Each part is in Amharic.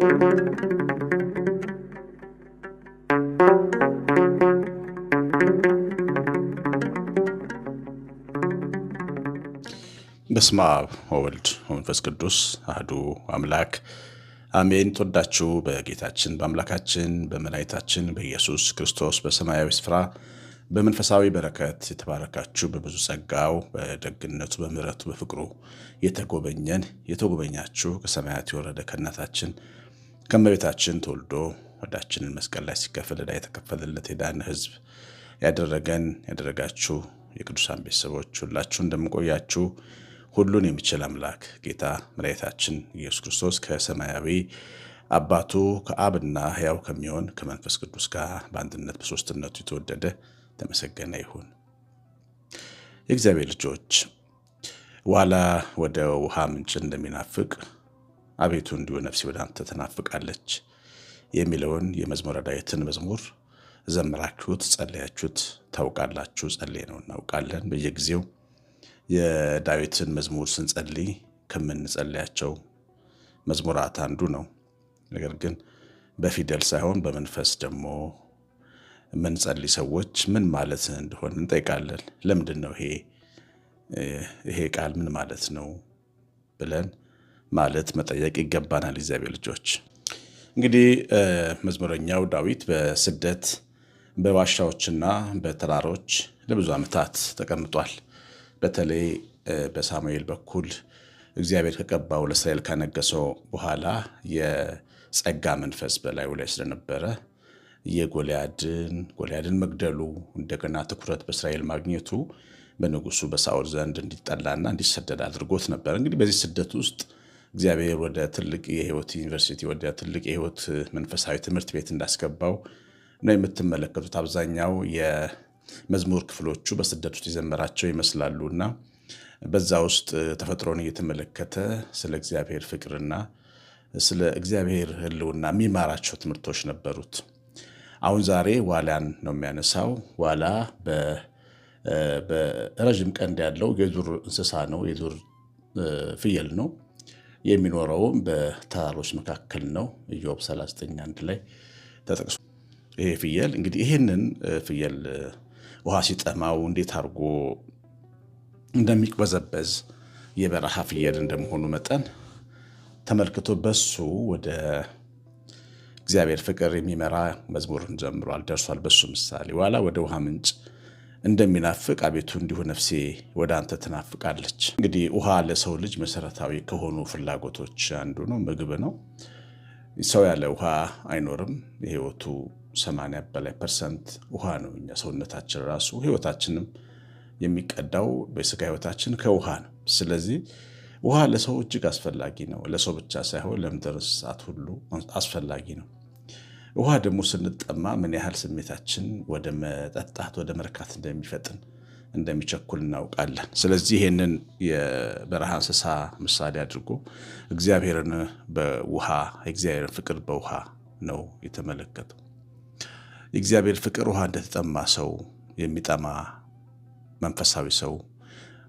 በስመ አብ ወወልድ ወመንፈስ ቅዱስ አህዱ አምላክ አሜን። ተወዳችሁ በጌታችን በአምላካችን በመላይታችን በኢየሱስ ክርስቶስ በሰማያዊ ስፍራ በመንፈሳዊ በረከት የተባረካችሁ በብዙ ጸጋው በደግነቱ በምሕረቱ በፍቅሩ የተጎበኘን የተጎበኛችሁ ከሰማያት የወረደ ከእናታችን ከመቤታችን ተወልዶ ወዳችንን መስቀል ላይ ሲከፈል ዕዳ የተከፈለለት የዳነ ሕዝብ ያደረገን ያደረጋችሁ የቅዱሳን ቤተሰቦች ሁላችሁ እንደምቆያችሁ ሁሉን የሚችል አምላክ ጌታ መድኃኒታችን ኢየሱስ ክርስቶስ ከሰማያዊ አባቱ ከአብና ሕያው ከሚሆን ከመንፈስ ቅዱስ ጋር በአንድነት በሶስትነቱ የተወደደ ተመሰገነ ይሁን። የእግዚአብሔር ልጆች ዋላ ወደ ውሃ ምንጭ እንደሚናፍቅ አቤቱ እንዲሁ ነፍሴ ወደ አንተ ትናፍቃለች የሚለውን የመዝሙረ ዳዊትን መዝሙር ዘምራችሁት ጸለያችሁት ታውቃላችሁ። ጸለይ ነው እናውቃለን። በየጊዜው የዳዊትን መዝሙር ስንጸልይ ከምንጸለያቸው መዝሙራት አንዱ ነው። ነገር ግን በፊደል ሳይሆን በመንፈስ ደግሞ የምንጸልይ ሰዎች ምን ማለት እንደሆን እንጠይቃለን። ለምንድን ነው ይሄ ይሄ ቃል ምን ማለት ነው ብለን ማለት መጠየቅ ይገባናል። እግዚአብሔር ልጆች እንግዲህ መዝሙረኛው ዳዊት በስደት በዋሻዎችና በተራሮች ለብዙ ዓመታት ተቀምጧል። በተለይ በሳሙኤል በኩል እግዚአብሔር ከቀባው ለእስራኤል ካነገሰው በኋላ የጸጋ መንፈስ በላዩ ላይ ስለነበረ የጎልያድን ጎልያድን መግደሉ እንደገና ትኩረት በእስራኤል ማግኘቱ በንጉሱ በሳኦል ዘንድ እንዲጠላና እንዲሰደድ አድርጎት ነበር። እንግዲህ በዚህ ስደት ውስጥ እግዚአብሔር ወደ ትልቅ የህይወት ዩኒቨርሲቲ ወደ ትልቅ የህይወት መንፈሳዊ ትምህርት ቤት እንዳስገባው ነው የምትመለከቱት። አብዛኛው የመዝሙር ክፍሎቹ በስደት ውስጥ የዘመራቸው ይመስላሉ እና በዛ ውስጥ ተፈጥሮን እየተመለከተ ስለ እግዚአብሔር ፍቅርና ስለ እግዚአብሔር ህልውና የሚማራቸው ትምህርቶች ነበሩት። አሁን ዛሬ ዋላን ነው የሚያነሳው። ዋላ በረዥም ቀንድ ያለው የዱር እንስሳ ነው፣ የዱር ፍየል ነው። የሚኖረውም በተራሮች መካከል ነው። ኢዮብ 39 ላይ ተጠቅሶ ይሄ ፍየል እንግዲህ ይህንን ፍየል ውሃ ሲጠማው እንዴት አድርጎ እንደሚቅበዘበዝ የበረሃ ፍየል እንደመሆኑ መጠን ተመልክቶ በሱ ወደ እግዚአብሔር ፍቅር የሚመራ መዝሙርን ጀምሯል፣ ደርሷል። በሱ ምሳሌ ኋላ ወደ ውሃ ምንጭ እንደሚናፍቅ አቤቱ እንዲሁ ነፍሴ ወደ አንተ ትናፍቃለች። እንግዲህ ውሃ ለሰው ልጅ መሰረታዊ ከሆኑ ፍላጎቶች አንዱ ነው፣ ምግብ ነው። ሰው ያለ ውሃ አይኖርም። የህይወቱ 80 በላይ ፐርሰንት ውሃ ነው። እኛ ሰውነታችን ራሱ ህይወታችንም የሚቀዳው በስጋ ህይወታችን ከውሃ ነው። ስለዚህ ውሃ ለሰው እጅግ አስፈላጊ ነው። ለሰው ብቻ ሳይሆን ለምድር እንስሳት ሁሉ አስፈላጊ ነው። ውሃ ደግሞ ስንጠማ ምን ያህል ስሜታችን ወደ መጠጣት ወደ መርካት እንደሚፈጥን እንደሚቸኩል እናውቃለን። ስለዚህ ይህንን የበረሃ እንስሳ ምሳሌ አድርጎ እግዚአብሔርን በውሃ የእግዚአብሔርን ፍቅር በውሃ ነው የተመለከተው። የእግዚአብሔር ፍቅር ውሃ እንደተጠማ ሰው የሚጠማ መንፈሳዊ ሰው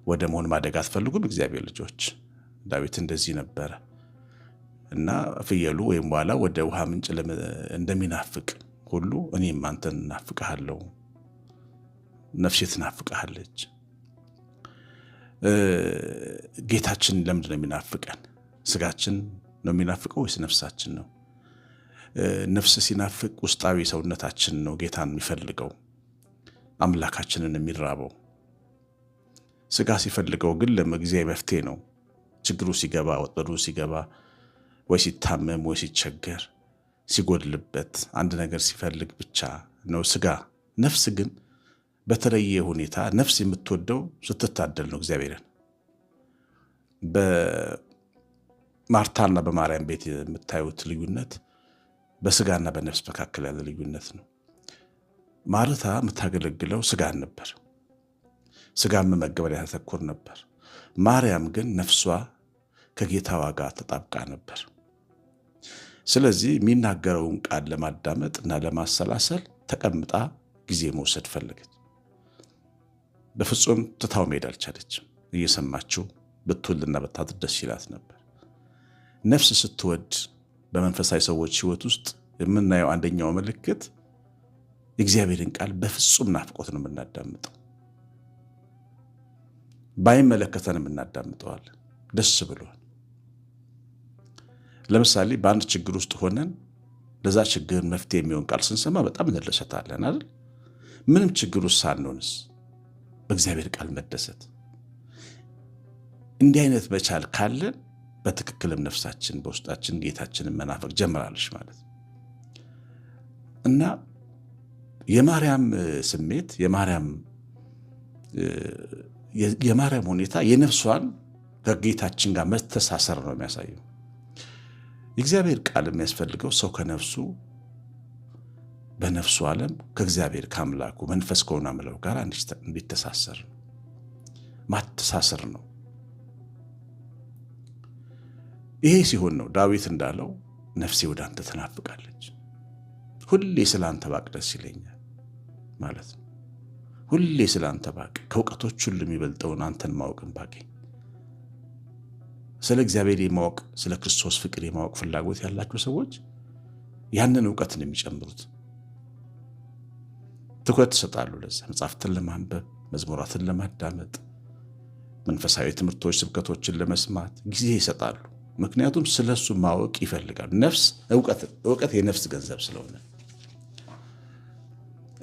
ወደ መሆን ማደግ አትፈልጉም? እግዚአብሔር ልጆች ዳዊት እንደዚህ ነበረ። እና ፍየሉ ወይም በኋላ ወደ ውሃ ምንጭ እንደሚናፍቅ ሁሉ እኔም አንተን እናፍቀሃለው፣ ነፍሴ ትናፍቀሃለች። ጌታችን ለምንድ ነው የሚናፍቀን? ስጋችን ነው የሚናፍቀው ወይስ ነፍሳችን ነው? ነፍስ ሲናፍቅ ውስጣዊ ሰውነታችን ነው ጌታን የሚፈልገው አምላካችንን የሚራበው። ስጋ ሲፈልገው ግን ለጊዜያዊ መፍትሄ ነው። ችግሩ ሲገባ ወጠዱ ሲገባ ወይ ሲታመም ወይ ሲቸገር ሲጎድልበት አንድ ነገር ሲፈልግ ብቻ ነው ስጋ። ነፍስ ግን በተለየ ሁኔታ ነፍስ የምትወደው ስትታደል ነው እግዚአብሔርን። በማርታና በማርያም ቤት የምታዩት ልዩነት በስጋና በነፍስ መካከል ያለ ልዩነት ነው። ማርታ የምታገለግለው ስጋን ነበር፣ ስጋን መመገብ ላይ ያተኮር ነበር። ማርያም ግን ነፍሷ ከጌታዋ ጋር ተጣብቃ ነበር። ስለዚህ የሚናገረውን ቃል ለማዳመጥ እና ለማሰላሰል ተቀምጣ ጊዜ መውሰድ ፈለገች። በፍጹም ትታው መሄድ አልቻለችም። እየሰማችው ብትውልና በታድር ደስ ይላት ነበር። ነፍስ ስትወድ በመንፈሳዊ ሰዎች ሕይወት ውስጥ የምናየው አንደኛው ምልክት የእግዚአብሔርን ቃል በፍጹም ናፍቆት ነው የምናዳምጠው። ባይመለከተን እናዳምጠዋለን። ደስ ብሏል። ለምሳሌ በአንድ ችግር ውስጥ ሆነን ለዛ ችግር መፍትሄ የሚሆን ቃል ስንሰማ በጣም እንደሰታለን አይደል? ምንም ችግር ውስጥ ሳንሆንስ በእግዚአብሔር ቃል መደሰት እንዲህ አይነት መቻል ካለን በትክክልም ነፍሳችን በውስጣችን ጌታችንን መናፈቅ ጀምራለች ማለት እና የማርያም ስሜት የማርያም የማርያም ሁኔታ የነፍሷን ከጌታችን ጋር መተሳሰር ነው የሚያሳየው። የእግዚአብሔር ቃል የሚያስፈልገው ሰው ከነፍሱ በነፍሱ ዓለም ከእግዚአብሔር ከአምላኩ መንፈስ ከሆነ አምላኩ ጋር እንዲተሳሰር ነው። ማተሳሰር ነው። ይሄ ሲሆን ነው ዳዊት እንዳለው ነፍሴ ወደ አንተ ትናፍቃለች፣ ሁሌ ስለ አንተ ባቅ ደስ ይለኛል ማለት ነው። ሁሌ ስለ አንተ ባቅ ከእውቀቶች ሁሉ የሚበልጠውን አንተን ማወቅን ባቄ ስለ እግዚአብሔር የማወቅ ስለ ክርስቶስ ፍቅር የማወቅ ፍላጎት ያላቸው ሰዎች ያንን እውቀት ነው የሚጨምሩት። ትኩረት ይሰጣሉ ለዚ መጽሐፍትን ለማንበብ፣ መዝሙራትን ለማዳመጥ፣ መንፈሳዊ ትምህርቶች፣ ስብከቶችን ለመስማት ጊዜ ይሰጣሉ። ምክንያቱም ስለ እሱ ማወቅ ይፈልጋሉ። ነፍስ እውቀት የነፍስ ገንዘብ ስለሆነ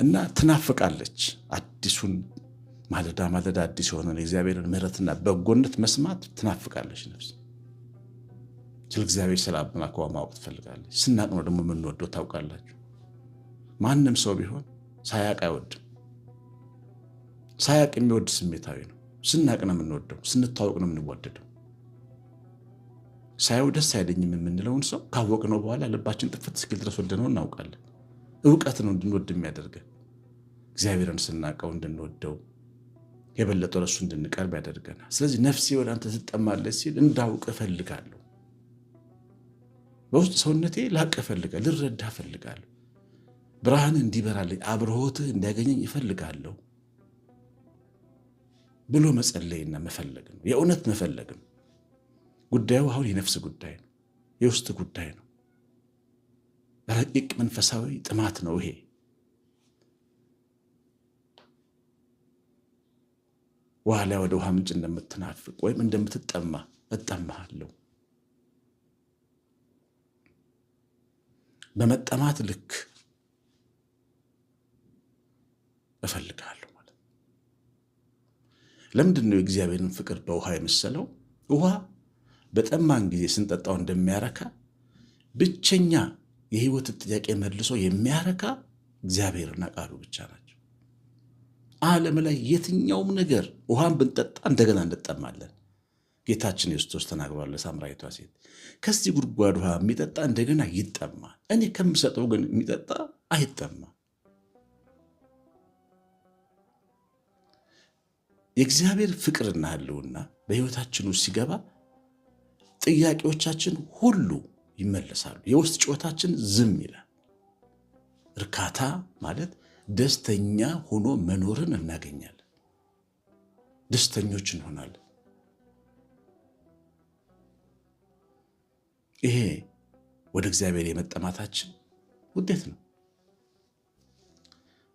እና ትናፍቃለች አዲሱን ማለዳ ማለዳ አዲስ የሆነን የእግዚአብሔርን ምሕረትና በጎነት መስማት ትናፍቃለች ነፍስ። ስለ እግዚአብሔር ስለ አምላክዋ ማወቅ ትፈልጋለች። ስናቅ ነው ደግሞ የምንወደው ታውቃላችሁ። ማንም ሰው ቢሆን ሳያቅ አይወድም። ሳያቅ የሚወድ ስሜታዊ ነው። ስናቅ ነው የምንወደው፣ ስንታወቅ ነው የምንወደደው። ሳየው ደስ አይለኝም የምንለውን ሰው ካወቅነው በኋላ ልባችን ጥፍት እስኪል ድረስ ወደነው እናውቃለን። እውቀት ነው እንድንወድ የሚያደርገን እግዚአብሔርን ስናቀው እንድንወደው የበለጠ ለሱ እንድንቀርብ ያደርገናል። ስለዚህ ነፍሴ ወደ አንተ ትጠማለች ሲል እንዳውቅ እፈልጋለሁ። በውስጥ ሰውነቴ ላቅ እፈልጋለሁ፣ ልረዳ እፈልጋለሁ። ብርሃን እንዲበራልኝ አብርሆትህ እንዲያገኘኝ እፈልጋለሁ ብሎ መጸለይና መፈለግ ነው። የእውነት መፈለግ ነው። ጉዳዩ አሁን የነፍስ ጉዳይ ነው፣ የውስጥ ጉዳይ ነው። ረቂቅ መንፈሳዊ ጥማት ነው ይሄ። ዋላ ወደ ውሃ ምንጭ እንደምትናፍቅ ወይም እንደምትጠማ እጠማሃለሁ። በመጠማት ልክ እፈልጋለሁ ማለት ነው። ለምንድን ነው የእግዚአብሔርን ፍቅር በውሃ የመሰለው? ውሃ በጠማን ጊዜ ስንጠጣው እንደሚያረካ ብቸኛ የህይወትን ጥያቄ መልሶ የሚያረካ እግዚአብሔርና ቃሉ ብቻ ናቸው። ዓለም ላይ የትኛውም ነገር ውሃን ብንጠጣ እንደገና እንጠማለን። ጌታችን ክርስቶስ ተናግሯል። ሳምራዊቷ ሴት ከዚህ ጉድጓድ ውሃ የሚጠጣ እንደገና ይጠማ እኔ ከምሰጠው ግን የሚጠጣ አይጠማ የእግዚአብሔር ፍቅርና ሕልውና በህይወታችን ውስጥ ሲገባ ጥያቄዎቻችን ሁሉ ይመለሳሉ። የውስጥ ጩኸታችን ዝም ይላል። እርካታ ማለት ደስተኛ ሆኖ መኖርን እናገኛለን። ደስተኞች እንሆናለን። ይሄ ወደ እግዚአብሔር የመጠማታችን ውጤት ነው።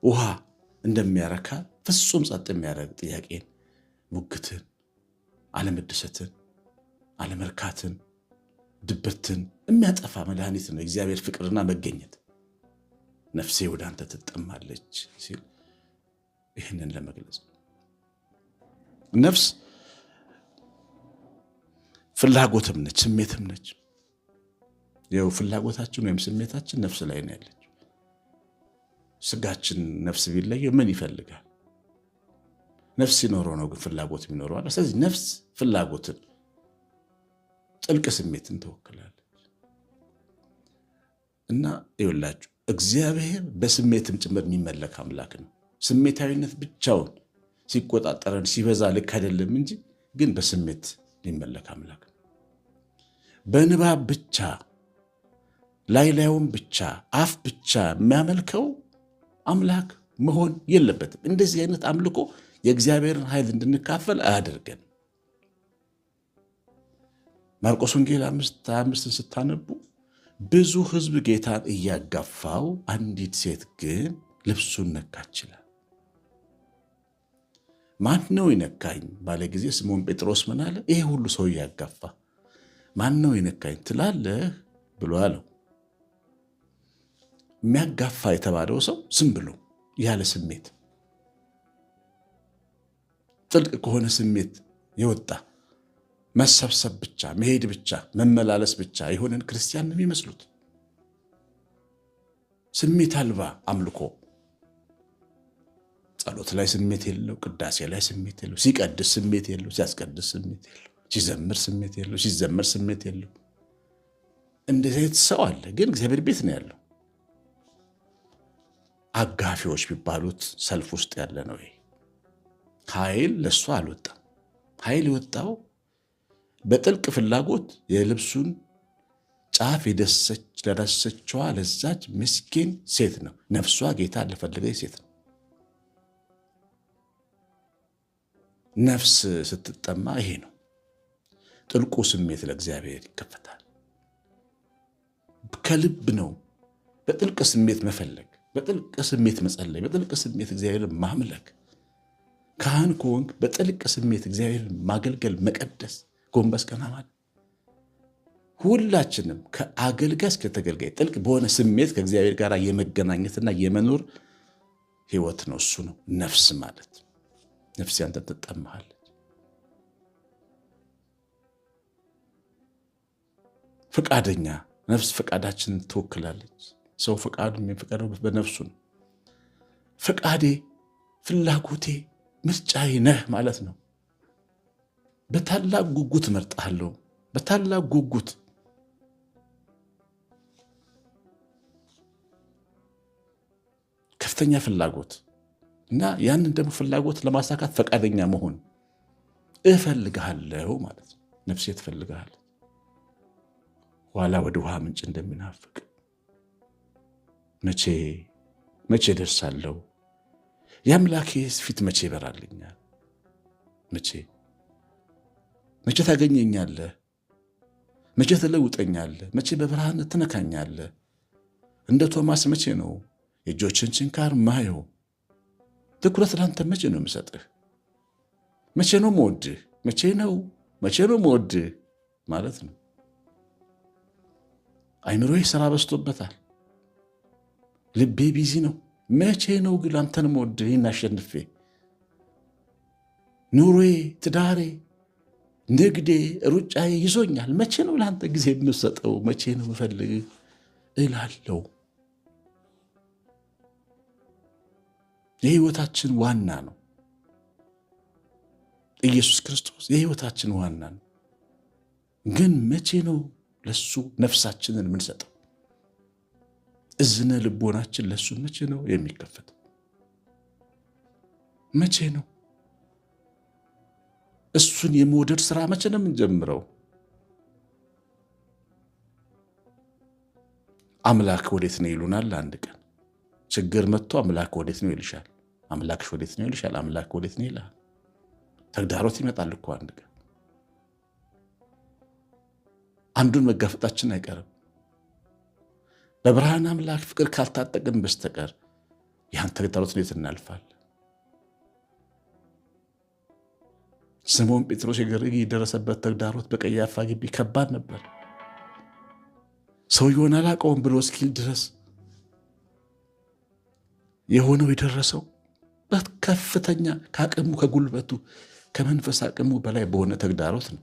ውሃ እንደሚያረካ ፍጹም ጸጥ የሚያደርግ ጥያቄን፣ ሙግትን፣ አለመደሰትን፣ አለመርካትን፣ ድበትን የሚያጠፋ መድኃኒት ነው እግዚአብሔር ፍቅርና መገኘት። ነፍሴ ወደ አንተ ትጠማለች ሲል ይህንን ለመግለጽ ነፍስ ፍላጎትም ነች፣ ስሜትም ነች። ይኸው ፍላጎታችን ወይም ስሜታችን ነፍስ ላይ ነው ያለች። ስጋችን ነፍስ ቢለየ ምን ይፈልጋል? ነፍስ ሲኖረው ነው ግን ፍላጎት ይኖረዋል። ስለዚህ ነፍስ ፍላጎትን፣ ጥልቅ ስሜትን ትወክላለች እና ይውላችሁ እግዚአብሔር በስሜትም ጭምር የሚመለክ አምላክ ነው። ስሜታዊነት ብቻውን ሲቆጣጠረን ሲበዛ ልክ አይደለም እንጂ ግን በስሜት የሚመለክ አምላክ ነው። በንባብ ብቻ ላይ ላዩን ብቻ አፍ ብቻ የሚያመልከው አምላክ መሆን የለበትም። እንደዚህ አይነት አምልኮ የእግዚአብሔርን ኃይል እንድንካፈል አያደርገን። ማርቆስ ወንጌል አምስት ሃያ አምስትን ስታነቡ ብዙ ህዝብ ጌታን እያጋፋው አንዲት ሴት ግን ልብሱን ነካችላል። ማን ነው ይነካኝ ባለ ጊዜ ስምዖን ጴጥሮስ ምን አለ? ይሄ ሁሉ ሰው እያጋፋ ማን ነው ይነካኝ ትላለህ ብሎ አለው። የሚያጋፋ የተባለው ሰው ዝም ብሎ ያለ ስሜት ጥልቅ ከሆነ ስሜት የወጣ መሰብሰብ ብቻ መሄድ ብቻ መመላለስ ብቻ የሆነን ክርስቲያን ነው የሚመስሉት። ስሜት አልባ አምልኮ፣ ጸሎት ላይ ስሜት የለው፣ ቅዳሴ ላይ ስሜት የለው፣ ሲቀድስ ስሜት የለው፣ ሲያስቀድስ ስሜት የለው፣ ሲዘምር ስሜት የለው፣ ሲዘምር ስሜት የለው። እንደዚህ ሰው አለ፣ ግን እግዚአብሔር ቤት ነው ያለው። አጋፊዎች ቢባሉት ሰልፍ ውስጥ ያለ ነው። ይሄ ኃይል ለእሱ አልወጣም። ኃይል የወጣው በጥልቅ ፍላጎት የልብሱን ጫፍ ለዳሰችዋ ለዛች ምስኪን ሴት ነው። ነፍሷ ጌታ ለፈለገ ሴት ነው። ነፍስ ስትጠማ ይሄ ነው ጥልቁ ስሜት ለእግዚአብሔር ይከፈታል። ከልብ ነው። በጥልቅ ስሜት መፈለግ፣ በጥልቅ ስሜት መጸለይ፣ በጥልቅ ስሜት እግዚአብሔር ማምለክ። ካህን ከሆንክ በጥልቅ ስሜት እግዚአብሔር ማገልገል፣ መቀደስ ጎንበስ ቀና ማለት ሁላችንም ከአገልጋይ እስከ ተገልጋይ ጥልቅ በሆነ ስሜት ከእግዚአብሔር ጋር የመገናኘትና የመኖር ህይወት ነው። እሱ ነው ነፍስ ማለት። ነፍስ ያንተ ትጠማሃለች። ፈቃደኛ ነፍስ ፈቃዳችንን ትወክላለች። ሰው ፍቃዱ የሚፈቀደው በነፍሱ ነው። ፈቃዴ፣ ፍላጎቴ፣ ምርጫዬ ነህ ማለት ነው። በታላቅ ጉጉት መርጣለሁ። በታላቅ ጉጉት ከፍተኛ ፍላጎት እና ያንን ደግሞ ፍላጎት ለማሳካት ፈቃደኛ መሆን እፈልግሃለሁ ማለት ነው። ነፍሴ ትፈልግሃለች። ኋላ ወደ ውሃ ምንጭ እንደሚናፍቅ መቼ መቼ ደርሳለሁ? የአምላኬ ፊት መቼ ይበራልኛል? መቼ መቼ ታገኘኛለህ? መቼ ትለውጠኛለህ? መቼ በብርሃን ትነካኛለህ? እንደ ቶማስ መቼ ነው የእጆችን ችንካር ማየው? ትኩረት ለአንተ መቼ ነው የምሰጥህ? መቼ ነው መወድህ? መቼ ነው መቼ ነው መወድህ ማለት ነው። አይምሮዬ ስራ በዝቶበታል። ልቤ ቢዚ ነው። መቼ ነው ግን አንተን መወድህ? ይናሸንፌ አሸንፌ ኑሮዬ፣ ትዳሬ ንግዴ፣ ሩጫዬ ይዞኛል። መቼ ነው ለአንተ ጊዜ የምሰጠው? መቼ ነው ምፈልግ እላለው። የህይወታችን ዋና ነው ኢየሱስ ክርስቶስ የህይወታችን ዋና ነው። ግን መቼ ነው ለሱ ነፍሳችንን የምንሰጠው? እዝነ ልቦናችን ለሱ መቼ ነው የሚከፈተው? መቼ ነው እሱን የመውደድ ስራ መቼ ነው የምንጀምረው? አምላክ ወዴት ነው ይሉናል። አንድ ቀን ችግር መጥቶ አምላክ ወዴት ነው ይልሻል። አምላክሽ ወዴት ነው ይልሻል። አምላክ ወዴት ነው ይልሃል። ተግዳሮት ይመጣል እኮ አንድ ቀን አንዱን መጋፈጣችን አይቀርም። በብርሃን አምላክ ፍቅር ካልታጠቅን በስተቀር ያን ተግዳሮት እንዴት እናልፋል? ስምዖን ጴጥሮስ የደረሰበት ተግዳሮት በቀያፋ ግቢ ከባድ ነበር። ሰውየውን አላውቀውም ብሎ እስኪል ድረስ የሆነው የደረሰው ከፍተኛ ከአቅሙ ከጉልበቱ ከመንፈስ አቅሙ በላይ በሆነ ተግዳሮት ነው።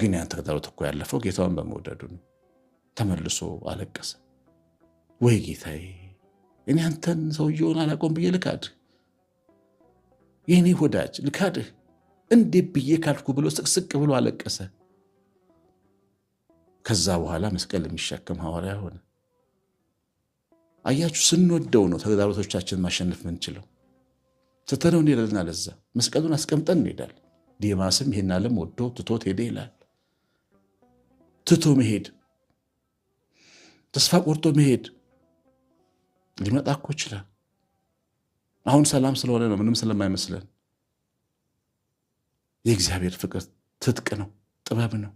ግን ያን ተግዳሮት እኮ ያለፈው ጌታውን በመውደዱ ነው። ተመልሶ አለቀሰ። ወይ ጌታዬ፣ እኔ አንተን ሰውየውን አላውቀውም ብዬ ልካድ የእኔ ወዳጅ ልካድህ እንዴ ብዬ ካልኩ ብሎ ስቅስቅ ብሎ አለቀሰ። ከዛ በኋላ መስቀል የሚሸከም ሐዋርያ ሆነ። አያችሁ፣ ስንወደው ነው ተግዳሮቶቻችን ማሸነፍ ምንችለው። ስተነው እንሄዳለን፣ አለዛ መስቀሉን አስቀምጠን እንሄዳለን። ዲማስም ይሄን ዓለም ወዶ ትቶት ሄደ ይላል። ትቶ መሄድ፣ ተስፋ ቆርጦ መሄድ ሊመጣ እኮ ይችላል። አሁን ሰላም ስለሆነ ነው ምንም ስለማይመስለን። የእግዚአብሔር ፍቅር ትጥቅ ነው፣ ጥበብ ነው፣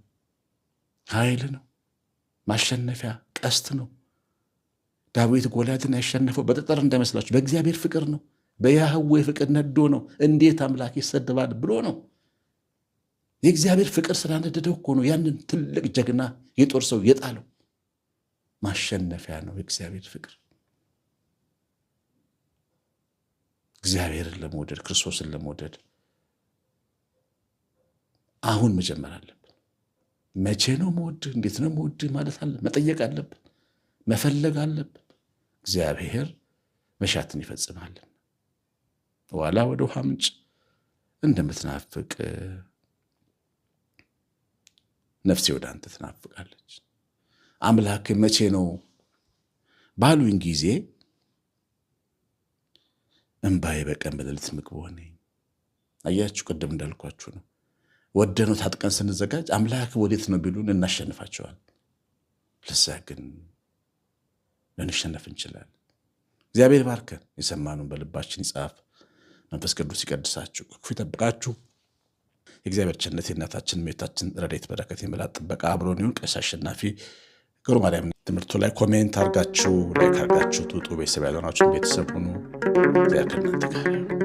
ኃይል ነው፣ ማሸነፊያ ቀስት ነው። ዳዊት ጎልያትን ያሸነፈው በጠጠር እንዳይመስላችሁ በእግዚአብሔር ፍቅር ነው። በያህዌ ፍቅር ነዶ ነው። እንዴት አምላክ ይሰደባል ብሎ ነው። የእግዚአብሔር ፍቅር ስላነደደው እኮ ነው ያንን ትልቅ ጀግና የጦር ሰው የጣለው። ማሸነፊያ ነው የእግዚአብሔር ፍቅር። እግዚአብሔርን ለመውደድ ክርስቶስን ለመውደድ አሁን መጀመር አለብን። መቼ ነው መወድህ፣ እንዴት ነው መወድህ ማለት አለ መጠየቅ አለብን፣ መፈለግ አለብን። እግዚአብሔር መሻትን ይፈጽማልን። ዋላ ወደ ውሃ ምንጭ እንደምትናፍቅ ነፍሴ ወደ አንተ ትናፍቃለች። አምላክ መቼ ነው ባሉኝ ጊዜ እንባዬ በቀን በሌሊት ምግብ ሆነ። አያችሁ፣ ቅድም እንዳልኳችሁ ነው። ወደነው ታጥቀን ስንዘጋጅ አምላክ ወዴት ነው ቢሉን እናሸንፋቸዋል። ለዛ ግን ልንሸነፍ እንችላለን። እግዚአብሔር ባርከን፣ የሰማኑን በልባችን ይጻፍ። መንፈስ ቅዱስ ይቀድሳችሁ፣ ክፉ ይጠብቃችሁ። የእግዚአብሔር ቸርነት የእናታችን እመቤታችን ረድኤት በረከት የመላእክት ጥበቃ አብሮን ይሁን። ቀሲስ አሸናፊ ገብረ ማርያም ትምህርቱ ላይ ኮሜንት አርጋችሁ ላይክ አርጋችሁ ትውጡ ቤተሰብ ያልሆናችሁ ቤተሰብ ሁኑ። እግዚአብሔር እናንተ ጋር